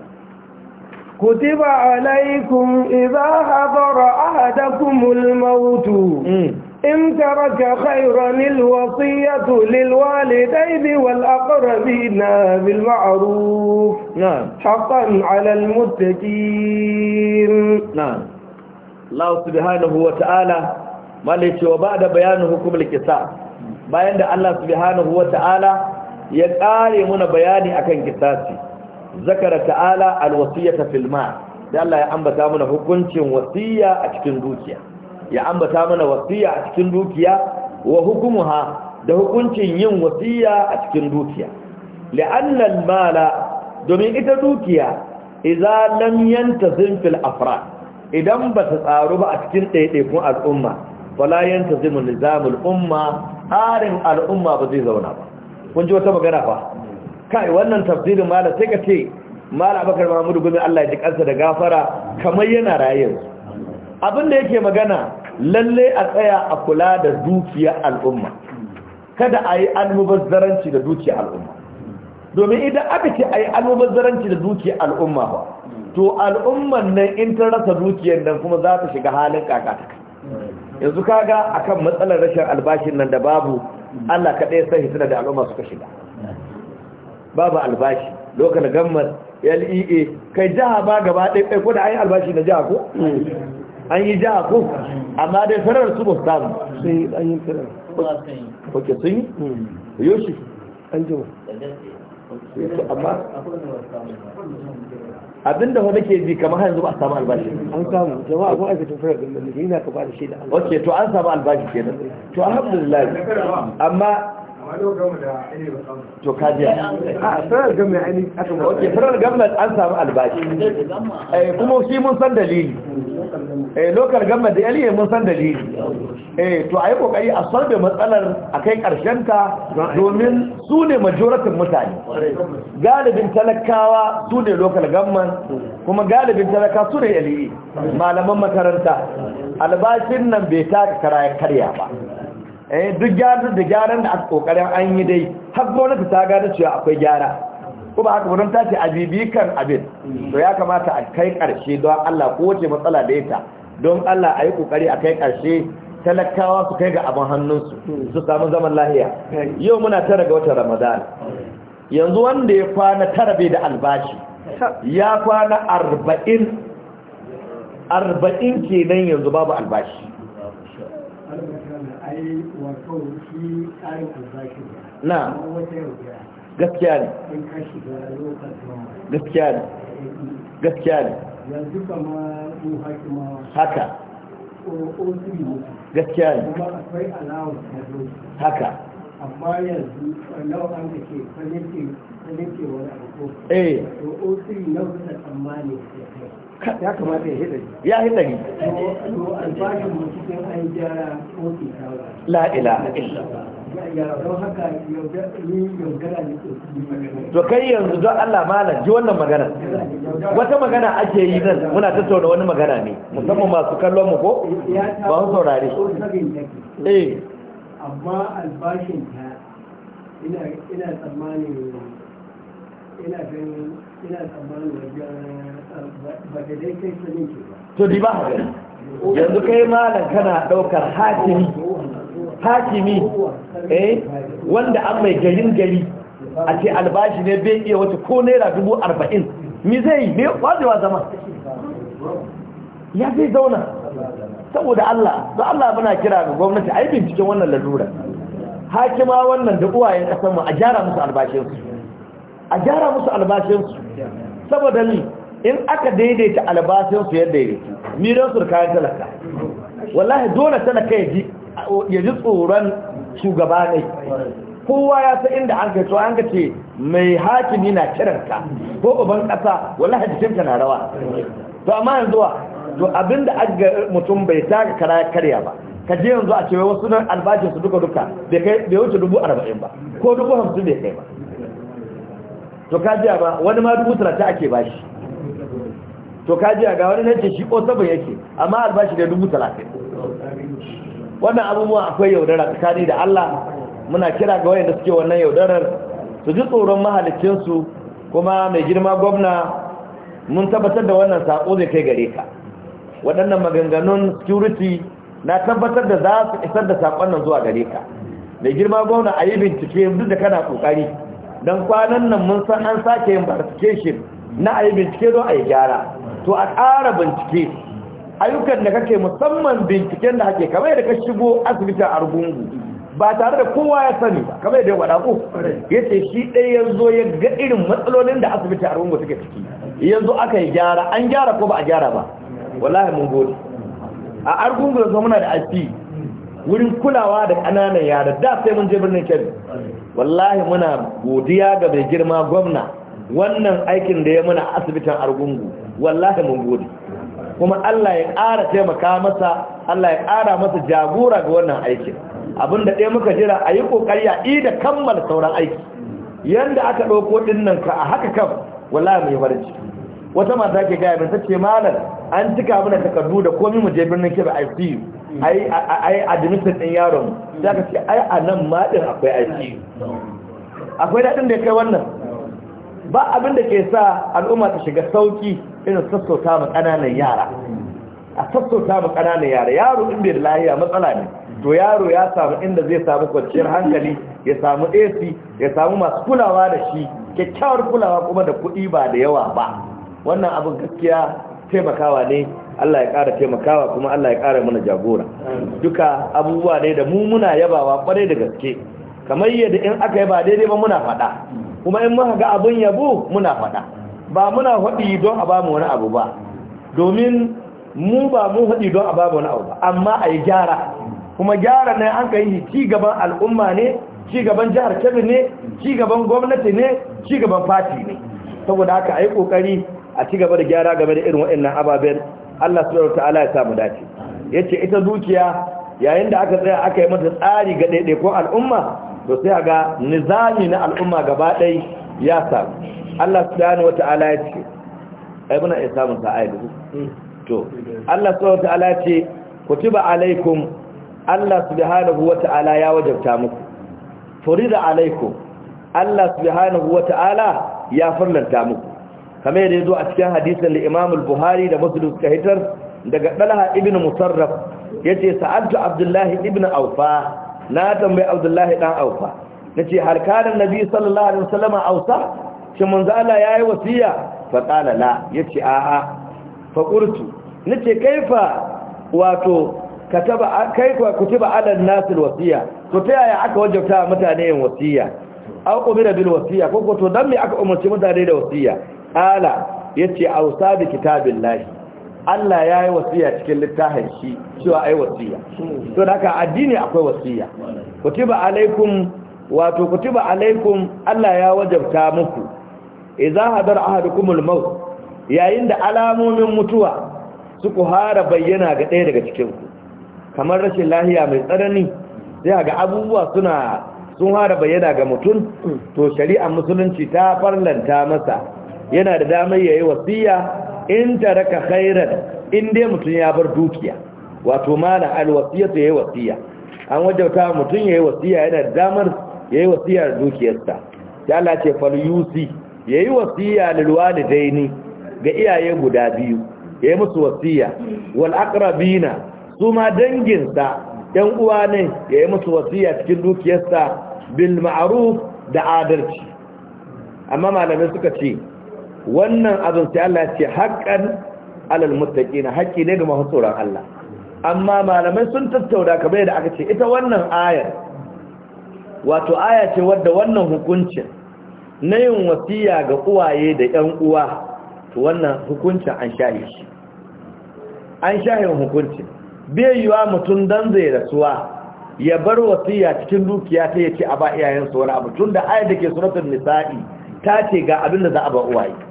كتب عليكم إذا حضر أحدكم الموت إن ترك خيرا الوصية للوالدين والأقربين بالمعروف نعم حقا على المتقين نعم Allah subhanahu wa ta'ala malai cewa ba da bayanin hukumar kisa bayan da Allah subhanahu wa ta'ala ya ƙare muna bayani akan kisasi zakara ta'ala alwasiyata fil ma da Allah ya ambata muna hukuncin wasiya a cikin dukiya ya ambata muna wasiya a cikin dukiya wa hukumuha da hukuncin yin wasiya a cikin dukiya li'anna mala domin ita dukiya idan lam yantazim fil afrad idan ba su tsaro ba a cikin ɗaiɗaikun al'umma walayen ta zimin nizamul umma tsarin al'umma ba zai zauna ba kun ji wata magana ba kai wannan tafsirin mala sai ka ce mala bakar mahmudu gumi allah ya ji kansa da gafara kamar yana raye abin da yake magana lalle a tsaya a kula da dukiyar al'umma kada a yi almubazzaranci da dukiyar al'umma domin idan aka ce a yi almubazzaranci da dukiyar al'umma ba to al'umman nan in ta rasa dukiyar nan kuma za ta shiga halin kai yanzu kaga akan matsalar rashin albashin nan da babu Allah kaɗai sai hitina da al'umma suka shiga babu albashi lokal gammar LEA kai jiha ba gaba ɗaya ɗaya ko da an yi albashi na jiha ko an yi jiha ko amma dai sarar su ba su samu sai an yi sarar. ok sun yi hmm. yoshi an jima amma da fa ke ji kamar yanzu ba a samu albashi an samu jama'a ko aikata fara gangan ina ka ba da shi da Allah to an samu albashi kenan to alhamdulillah amma to kajiya a sanar gamna ainihin aka mawaje sanar an samu albashi eh, kuma shi mun san dalili eh, lokar gamna da yaliye mun san dalili eh, to a yi kokari a san matsalar a kai ta domin su ne majoratin mutane galibin talakawa su ne lokal gamman kuma galibin talaka su ne yaliye malaman makaranta albashin nan bai ta karaya karya ba eh duk gyaran da gyaran da aka kokarin an yi dai har gwamnati ta gada cewa akwai gyara ko ba haka gudun tashi a kan abin to ya kamata a kai karshe don Allah ko wace matsala da ita don Allah a yi kokari a kai karshe talakawa su kai ga abin hannunsu su samu zaman lahiya yau muna tara ga watan ramadan yanzu wanda ya kwana tara bai da albashi ya kwana arba'in arba'in kenan yanzu babu albashi na gaskiya ne gaskiya ne gaskiya ne yanzu kama mu haka gaskiya ne haka amma yanzu da ke eh ya kamata ya ya to kai yanzu don Allah malam ji wannan magana wata magana ake yi nan muna tattauna wani magana ne musamman masu kallon mu ko ba mu saurare eh amma albashin ta ina ina tsammanin ina ganin ina tsammanin wajen ah, ba da dai kai sanin ke ba to di ba yanzu kai malam kana daukar hakimi hakimi eh wanda an mai garin gari a ce albashi ne bai iya wata ko naira dubu arba'in mi zai yi ne kwajewa zama ya zai zauna saboda Allah da Allah muna kira ga gwamnati a yi binciken wannan lalura hakima wannan da uwayen ƙasar mu a gyara musu albashinsu a gyara musu albashinsu saboda ni in aka daidaita albashinsu yadda ya ni don su kayan talaka wallahi dole talaka ya ji tsoron shugaba ne kowa ya sa inda an kai to an ce mai hakimi na kiranka ko uban kasa wallahi jikinka na rawa to amma yanzu wa to abinda aka mutum bai taka kara karya ba ka je yanzu a cewa wasu nan albashin su duka duka bai wuce dubu arba'in ba ko dubu hamsin bai kai ba to ka jiya ba wani ma dubu talatin ake bashi to ka jiya ga wani nace shi ko saba yake amma albashi da dubu talatin wannan abubuwa akwai yaudara tsakani da Allah muna kira ga wayanda suke wannan yaudarar su ji tsoron su kuma mai girma gwamna mun tabbatar da wannan sako zai kai gare ka waɗannan maganganun security na tabbatar da za su isar da sakon nan zuwa gare ka mai girma gwamna a yi bincike duk da kana kokari don kwanan nan mun san an sake yin verification na a yi bincike don a yi gyara to a ƙara bincike ayyukan da kake musamman binciken da hake kamar da ka shigo asibitin argungu ba tare da kowa ya sani ba kamar da wada ku yace shi ɗaya ya zo ya ga irin matsalolin da asibitin argungu suke ciki yanzu aka yi gyara an gyara ko ba a gyara ba wallahi mun gode a argungu da muna da ip wurin kulawa da ƙananan yara da sai mun je birnin kebbi wallahi muna godiya ga mai girma gwamna wannan aikin da ya muna asibitin argungu wallahi mun gode kuma Allah ya ƙara taimaka masa Allah ya ƙara masa jagora ga wannan aikin da ɗaya muka jira a yi ƙoƙari a ida kammala sauran aiki yanda aka ɗauko ɗin ka a haka kam wallahi mai farin ciki wata mata ke gaya ta sace malam an cika mana takardu da komai mu je birnin kebe ICU hmm. ai ai admission din yaron za hmm. ka ce ai a nan ma din akwai ICU akwai dadin da kai wannan ba abin da ke sa al'umma ta shiga sauki irin sassauta ma kananan yara hmm. a sassauta ma kananan yara yaro in bai lahiya matsala ne to yaro ya samu inda zai samu kwanciyar hankali ya samu AC ya samu masu kulawa da shi kyakkyawar kulawa kuma da kuɗi ba da yawa ba wannan abin gaskiya taimakawa ne Allah ya ƙara taimakawa kuma Allah ya ƙara mana jagora duka abubuwa ne da mu muna yabawa kwarai da gaske kamar yadda in aka yaba daidai ba muna faɗa kuma in muka ga abin yabo muna faɗa ba muna faɗi don a bamu wani abu ba domin mu ba mu faɗi don a bamu wani abu ba amma a yi gyara kuma gyara ne an ka yi ci gaban al'umma ne ci gaban jihar kebbi ne ci gaban gwamnati ne ci gaban fati ne saboda haka a yi ƙoƙari a ci gaba da gyara game da irin waɗannan ababen Allah subhanahu ta'ala ya samu dace yace ita zuciya yayin da aka tsaya aka yi mata tsari ga ko al'umma to sai ga nizami na al'umma gaba ɗai ya samu Allah subhanahu Ta'ala ya ce ai muna iya samun sa ayi to Allah subhanahu Ta'ala ya ce kutiba alaikum Allah subhanahu ta'ala ya wajabta muku furida alaikum Allah subhanahu ta'ala ya furlanta muku kamar yadda zo a cikin hadisin da Imam al-Buhari da Muslim suka hitar daga Talha ibn Musarraf yace sa'altu Abdullahi ibn Awfa na tambayi Abdullahi dan Awfa nace har kana Nabi sallallahu alaihi wasallam Awsa shin manzo Allah yayi wasiya fa qala la yace a'a fa qultu nace kaifa wato kataba kaifa kutiba ala an-nas al-wasiya to ta yaya aka wajabta mutane yin wasiya aw umira bil wasiya ko ko to dan me aka umarci mutane da wasiya kala yace ausa bi kitabillahi Allah ya yi wasiya cikin littafin shi cewa ai wasiya to da haka addini akwai wasiya kutiba alaikum wato kutiba alaikum Allah ya wajabta muku idza hadar ahadukumul maut yayin da alamomin mutuwa suku hara bayyana ga ɗaya daga cikin ku kamar rashin lahiya mai tsanani sai ga abubuwa suna sun hara bayyana ga mutum to shari'ar musulunci ta farlanta masa yana da damar yayi wasiya in taraka khairan in dai mutum ya bar dukiya wato mana alwasiyatu yayi wasiya an wajauta mutum yayi wasiya yana da damar yayi wasiya da dukiyarsa ya Allah ce fal yusi yayi wasiya lil walidaini ga iyaye guda biyu yayi musu wasiya wal aqrabina su ma danginsa yan uwa ne yayi musu wasiya cikin dukiyarsa bil ma'ruf da adalci amma malamai suka ce wannan abin sai Allah ya ce haƙƙan alal muttaqina haƙi ne ga masu tsoron Allah amma malamai sun tattauna kamar yadda aka ce ita wannan ayar wato aya ce wadda wannan hukuncin na yin wasiya ga uwaye da ƴan uwa to wannan hukuncin an shahi shi an shahi hukuncin bai yiwa mutum dan zai rasuwa ya bar wasiya cikin dukiya ta yace a ba iyayensa wani abu tunda ayar da ke suratul nisa'i ta ce ga abin da za a ba uwaye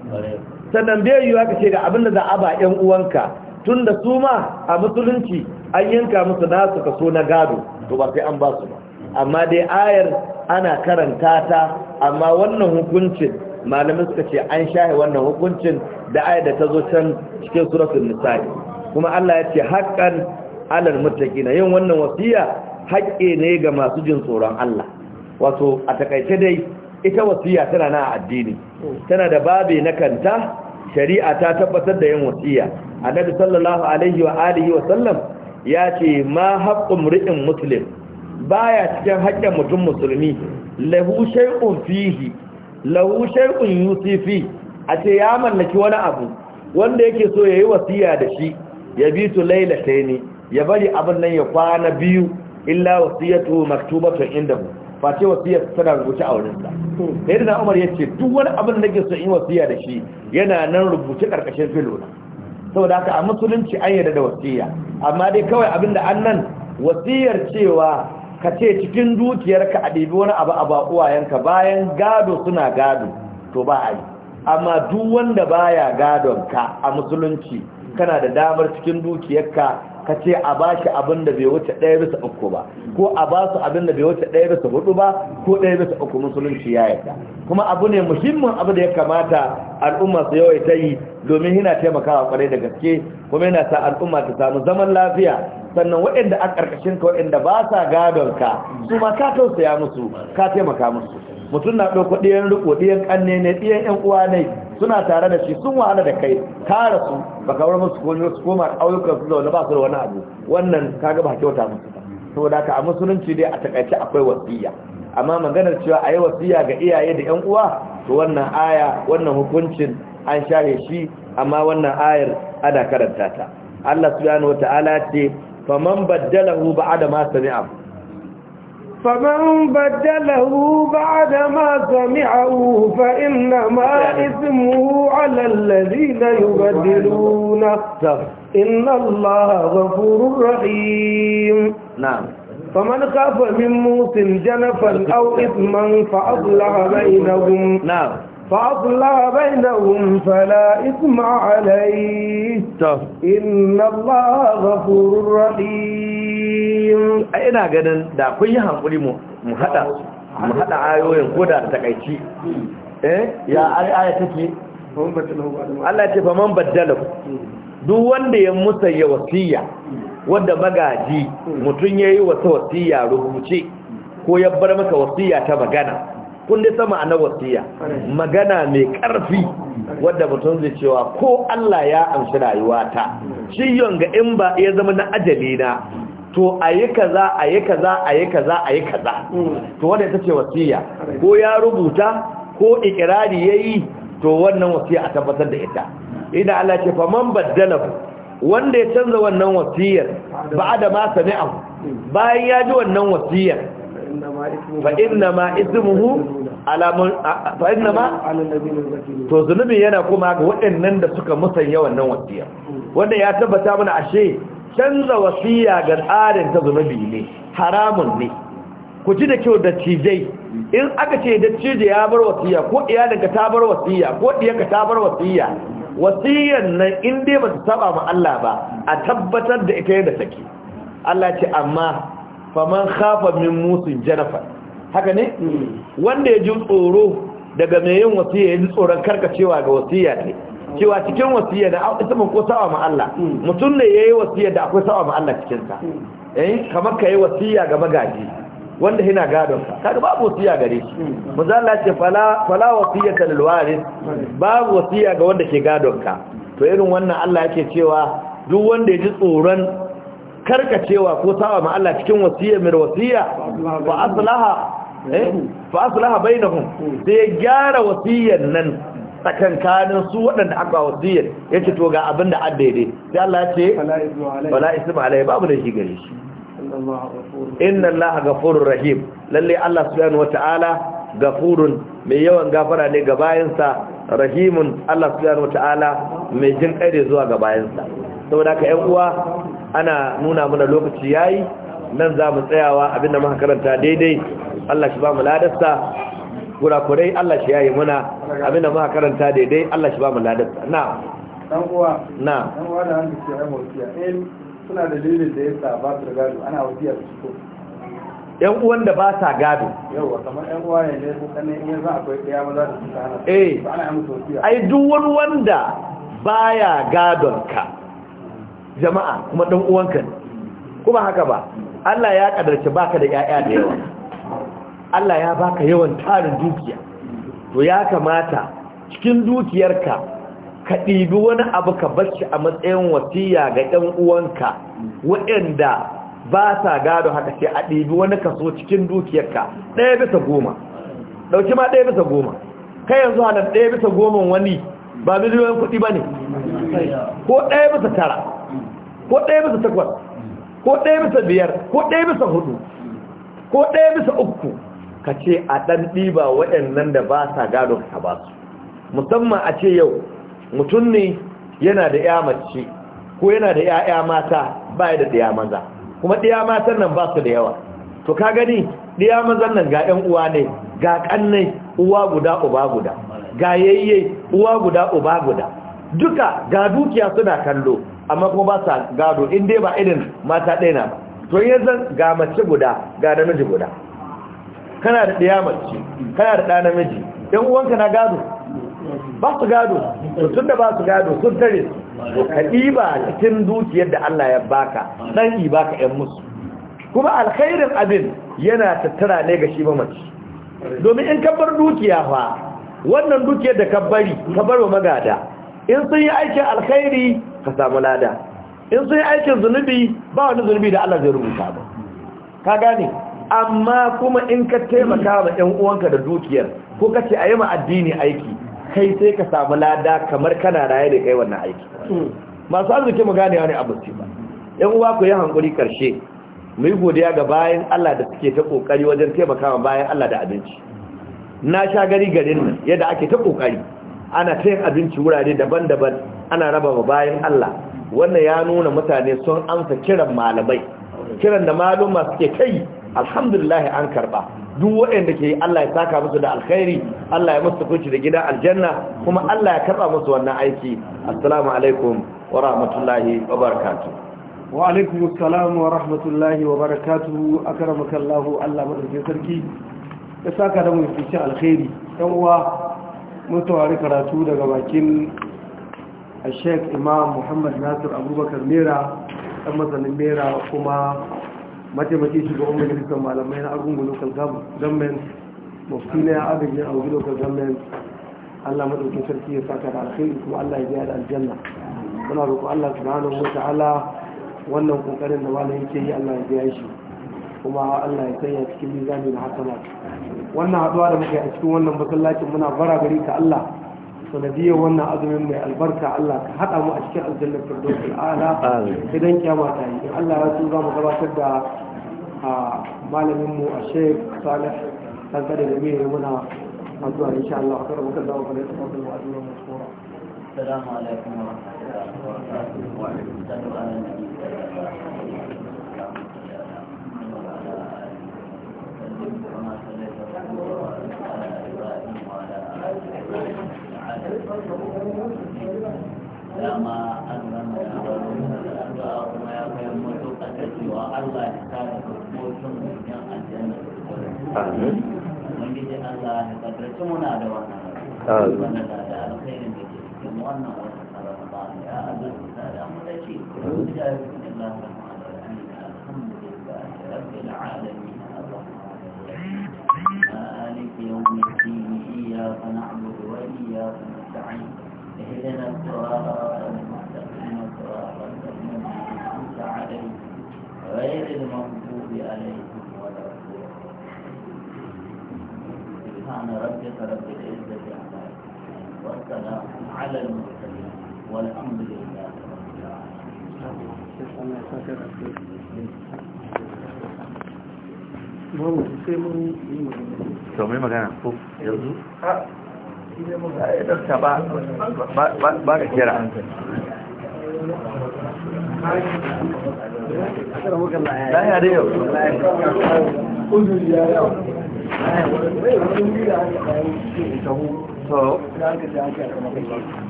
sannan bai yiwuwa ka ce ga abin da za a ba 'yan uwanka tun da su ma a musulunci an yanka musu nasu kaso na gado to ba sai an ba su ba amma dai ayar ana karanta ta amma wannan hukuncin malamin suka ce an shahe wannan hukuncin da ayar da ta zo can cikin suratul nisa'i kuma Allah ya ce haqqan alal muttaqina yin wannan wasiya haƙƙe ne ga masu jin tsoron Allah wato a takaice dai ita wasiya tana na addini tana da babe na kanta shari'a ta tabbatar da yin wasiya annabi sallallahu alaihi wa alihi wa sallam ya ce ma haqqu mri'in muslim baya cikin haƙƙin mutum musulmi lahu shay'un fihi lahu shay'un yusifi a ce ya mallaki wani abu wanda yake so ya yi wasiya da shi ya bi su lailataini ya bari abin nan ya kwana biyu illa wasiyatu maktubatun indahu ba ce wasiyar tana rubuce a wurinsa sai da umar ya ce duk wani abin da ke so in wasiya da shi yana nan rubuce karkashin filona saboda haka a musulunci an yarda da wasiya amma dai kawai abin da an nan wasiyar cewa ka ce cikin dukiyarka a ɗibi wani abu a ba uwayenka bayan gado suna gado to ba a yi amma duk wanda baya gadon ka a musulunci kana da damar cikin dukiyarka ka ce a ba shi abin da bai wuce ɗaya bisa uku ba ko a ba su abin da bai wuce ɗaya bisa hudu ba ko ɗaya bisa uku musulunci ya yarda kuma abu ne muhimmin abu da ya kamata al'umma su yawai ta yi domin yana taimakawa kwarai da gaske kuma yana sa al'umma ta samu zaman lafiya sannan waɗanda a ƙarƙashin ka waɗanda ba sa gadon ka su ma ka tausaya musu ka taimaka musu mutum na ɗauko ɗiyan riko ɗiyan ƙanne ne ɗiyan ƴan uwa ne suna tare da shi sun wahala da kai ka rasu ka bar musu komai su koma ƙauyuka su zaune ba su da wani abu wannan kaga gaba kyauta musu ba saboda ka a musulunci dai a takaice akwai wasiya amma maganar cewa a yi wasiya ga iyaye da yan uwa to wannan aya wannan hukuncin an share shi amma wannan ayar ana karanta ta Allah subhanahu wataala ce faman baddalahu ba'da ma sami'a فمن بدله بعد ما سمعه فإنما إثمه على الذين يبدلونه إن الله غفور رحيم نعم فمن خاف من موسى جنفا أو إثما فأصلح بينهم نعم فأصلى بينهم فلا إثم عليه إن الله غفور رحيم ina ganin da kun yi hankuri mu hada ayoyin koda da takaici eh ya aya Allah ya ce faman baddalahu duk wanda ya musayya wasiya wanda magaji mutun yayi wata wasiya rubuce ko ya bar maka wasiya ta magana kundi sama na wasiya magana mai ƙarfi wadda mutum zai cewa ko Allah ya amshi rayuwata shi yonga in ba ya zama na ajali na to a yi kaza a yi kaza a yi kaza a yi kaza to wanda ita ce wasiya ko ya rubuta ko ikrari ya yi to wannan wasiya a tabbatar da ita ina Allah ce faman baddala wanda ya canza wannan wasiyar ba da ma sami'a bayan ya ji wannan wasiyar fa inna ma ismuhu alamun fa inna ma to zunubi yana kuma ga waɗannan da suka musanya wannan wasiya wanda ya tabbata mana ashe canza wasiya ga tsarin ta zunubi ne haramun ne ku ji da kyau da cijai in aka ce da cije ya bar wasiya ko iyalinka ta bar wasiya ko diyanka ta bar wasiya wasiyan nan in dai ba ta saba ma Allah ba a tabbatar da ita yadda take Allah ce amma faman khafa min musin janafa haka ne wanda ya ji tsoro daga mai yin wasiya ya ji tsoron karkacewa ga wasiya ne cewa cikin wasiya da ita mun ko sawa ma Allah mutum ne yayi wasiya da akwai sawa ma Allah cikin sa eh kamar ka yi wasiya ga magaji wanda yana gadon ka kaga babu wasiya gare shi muzalla ce fala fala wasiyata lil waris babu wasiya ga wanda ke gadon ka to irin wannan Allah yake cewa duk wanda ya ji tsoron karkacewa ko sawa ma Allah cikin wasiyya mai wasiyya fa aslaha eh fa aslaha bainahum sai gyara wasiyyan nan tsakankanin su wadanda aka wasiyya yace to ga abin da an daidai sai Allah ce wala isma alai babu da shi gare shi inna Allah ghafurur rahim lalle Allah subhanahu wata'ala gafurun mai yawan gafara ne ga bayansa rahimun Allah subhanahu wata'ala mai jin kai zuwa ga bayansa saboda ka ƴan uwa ana nuna mana lokaci yayi nan za mu tsayawa abinda muka karanta daidai Allah shi ba mu ladarsa gura kurakurai Allah shi yayi muna abinda muka karanta daidai Allah shi ba mu ladarsa na dan uwa na dan uwa da an ce ai wasiya eh suna da dalilin da yasa ba su gado ana wasiya su ko yan uwan da ba sa gado yawa kamar yan uwa ne ne ko kanne in za akwai ɗaya maza da su hana eh ana musu wasiya ai duk wani wanda baya gadon ka jama'a kuma dan uwanka ne kuma haka ba Allah ya kadarci baka da yaya da yawa Allah ya baka yawan tarin dukiya to ya kamata cikin dukiyarka ka ɗibi wani abu ka bacci a matsayin wasiya ga ɗan uwanka waɗanda ba sa gado haka sai a ɗibi wani kaso cikin dukiyarka ɗaya bisa goma ɗauki ma ɗaya bisa goma kai yanzu hana ɗaya bisa goma wani ba miliyoyin kuɗi ba ko ɗaya bisa tara ko ɗaya bisa takwas ko ɗaya bisa biyar ko ɗaya bisa hudu ko ɗaya bisa uku ka ce a ɗan ɗiba waɗannan da ba sa gado ka ba su musamman a ce yau mutum ne yana da ya mace ko yana da ya'ya mata ba da ɗaya maza kuma ɗaya matan nan ba su da yawa to ka gani ɗaya mazan nan ga 'yan uwa ne ga ƙannai uwa guda uba guda ga yayye uwa guda uba guda duka ga dukiya suna kallo amma kuma ba sa gado in dai ba irin mata ɗaya na ba to zan ga mace guda ga namiji guda kana da ɗaya mace kana da ɗa namiji ɗan uwanka na gado ba su gado tun da ba su gado sun tare su ka ɗiba cikin dukiyar da Allah ya baka ɗan yi baka ‘yan musu kuma alkhairin abin yana tattara ne ga shi ba mace. domin in kabbar dukiya fa wannan dukiyar da kabbari kabbar wa magada in sun yi aikin alkhairi ka samu lada in sun yi aikin zunubi ba wani zunubi da Allah zai rubuta ba ka gane amma kuma in ka taimaka ma ɗan uwanka da dukiyar ko kace a yi ma addini aiki kai sai ka samu lada kamar kana raye da kai wannan aiki masu arziki mu gane wani abu ce ba ɗan uwa ku yi hankuri karshe mu yi godiya ga bayan Allah da suke ta kokari wajen taimakawa bayan Allah da abinci na sha gari garin nan yadda ake ta kokari ana ta abinci wurare daban-daban ana raba wa bayan Allah wannan ya nuna mutane sun amsa kiran malamai kiran da maluma suke kai alhamdulillah an karba duk waɗanda ke Allah ya saka musu da alkhairi Allah ya musu kuci da gidan aljanna kuma Allah ya karba musu wannan aiki assalamu alaikum wa rahmatullahi wa barakatuh wa alaikum assalam wa rahmatullahi wa barakatuh akramakallahu Allah madaukakin sarki ya saka da mu cikin alkhairi yan uwa mutawari karatu daga bakin a sheik imam muhammad nasir abubakar mera ɗan masanin mera kuma mataimaki shugaban majalisar malamai na argungu local government mufti na ya agajin argungu local government allah maɗaukin sarki ya saka da alkhairi kuma allah ya biya da aljanna muna roƙo allah subhanahu wa ta'ala wannan ƙoƙarin da malam yake yi allah ya biya shi kuma Allah ya sanya cikin mizani da hasana wannan haduwa da muke a cikin wannan masallacin muna bara gari ka Allah sanadiyar wannan azumin mai albarka Allah ka haɗa mu a cikin aljannar firdaus al'ala idan kyama ta yi Allah ya so za mu gabatar da malamin mu a Sheikh Salih Sankare da mai muna addu'a insha Allah kar mu kallawa fa da tafakkar wa addu'a mu tsora assalamu alaikum wa rahmatullahi wa barakatuh وما صليت dama an kuma ya kai mutu a cewa Allah ya kare hukumocin mutum aljanna amin ubangiji Allah ya muna da wannan amin wanda da da alkhairin da ke cikin wannan wata ya Allah ya da mu da ya Allah ya alhamdulillah يوم الدين إياك نعبد وإياك نستعين اهدنا الصراط المستقيم صراط الذين أنعمت عليهم غير المغضوب عليهم ولا الضالين سبحان ربك رب العزة عما يصفون والسلام على المرسلين والحمد لله رب العالمين. babu su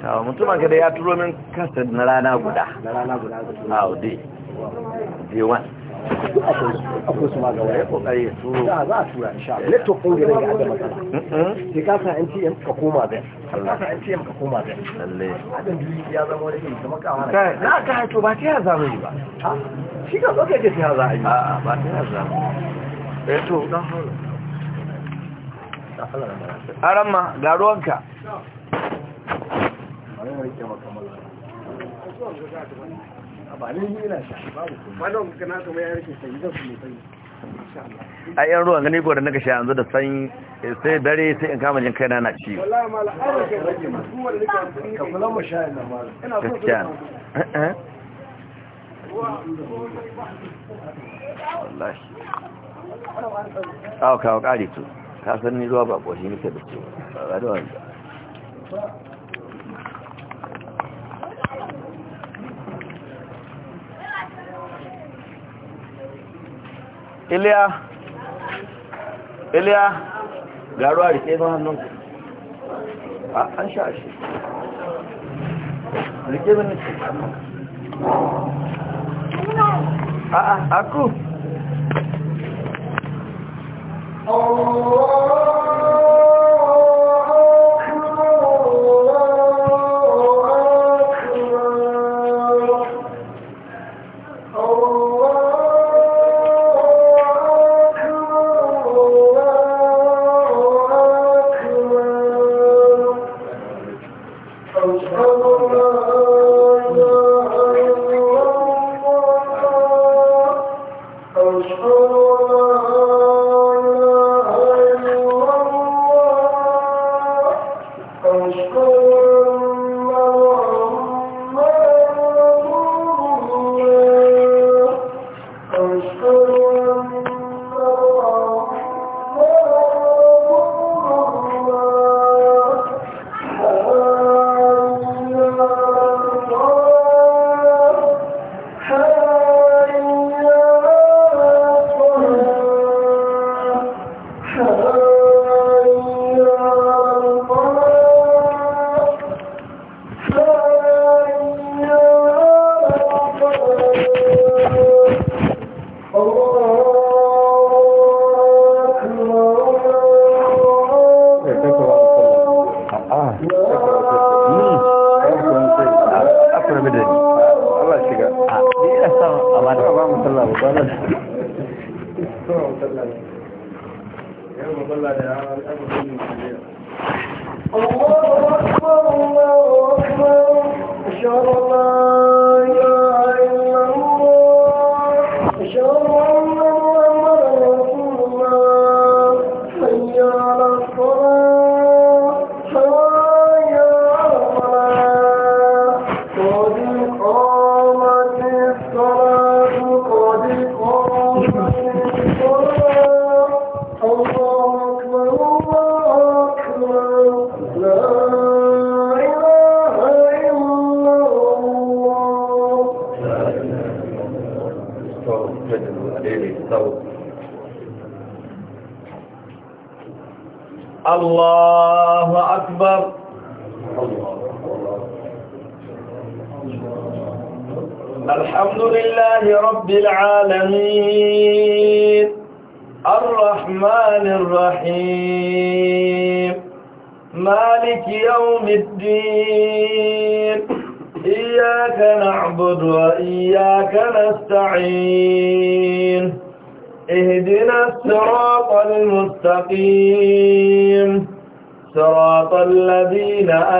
sai ya turo min kasa na rana guda. Na rana guda. akwai su magawa ya kokari ya za a tura insha Allah ga adama kana sai ka san NTM ka koma da Allah ka NTM ka koma da lalle adam ya zama wani kin kuma na ka to ba ta ya zama ba shi ka zo ka ce ta a ba ta ya zama eh to dan Aramma ga ruwanka. a yan ruwan gani da naka sha yanzu da sanyi eh, sai dare sai in kama jin kai na ci eh, eh. ni ruwa ba ƙoshi nake da da iléyá iléyá gàrúwà rí tẹ́ máa náà a ń ṣàṣì rí tẹ́ mẹ́rin tẹ́ àkú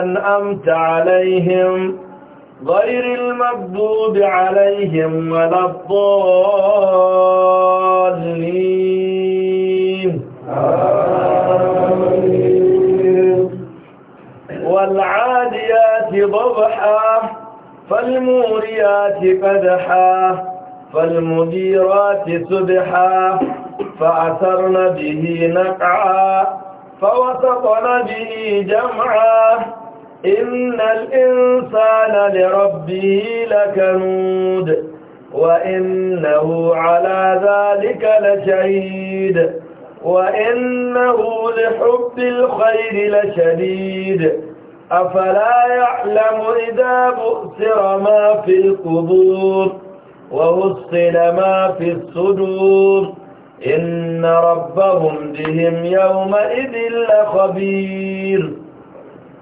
أنأمت عليهم غير المغضوب عليهم ولا الضالين والعاديات ضبحا فالموريات قدحا فالمديرات سبحا فأثرن به نقعا فوسطن به جمعا إن الإنسان لربه لكنود وإنه على ذلك لشهيد وإنه لحب الخير لشديد أفلا يعلم إذا بؤثر ما في القبور ووصل ما في الصدور إن ربهم بهم يومئذ لخبير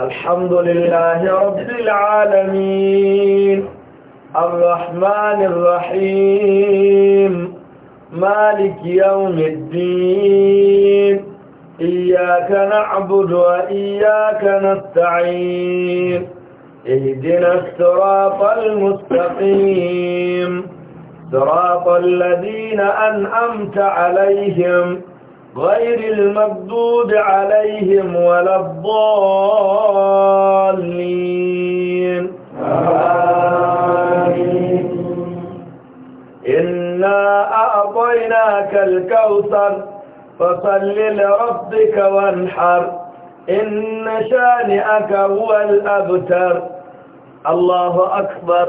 الحمد لله رب العالمين الرحمن الرحيم مالك يوم الدين إياك نعبد وإياك نستعين اهدنا الصراط المستقيم صراط الذين أنأمت عليهم غير المكذوب عليهم ولا الضالين آمين إنا أعطيناك الكوثر فصل لربك وانحر إن شانئك هو الأبتر الله أكبر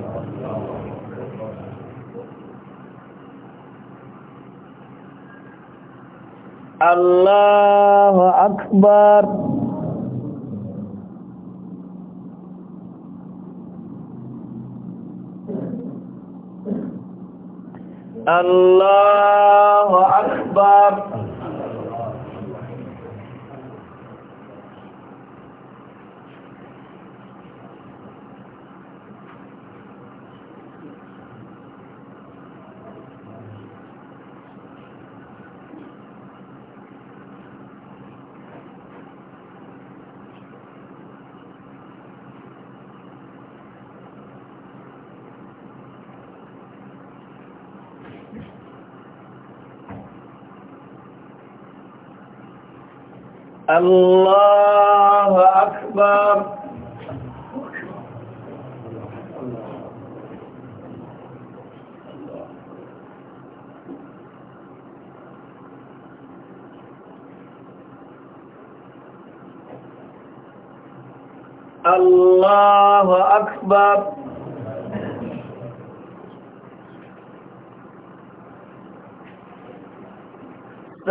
Allahu akbar Allahu akbar الله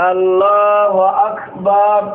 الله أكبر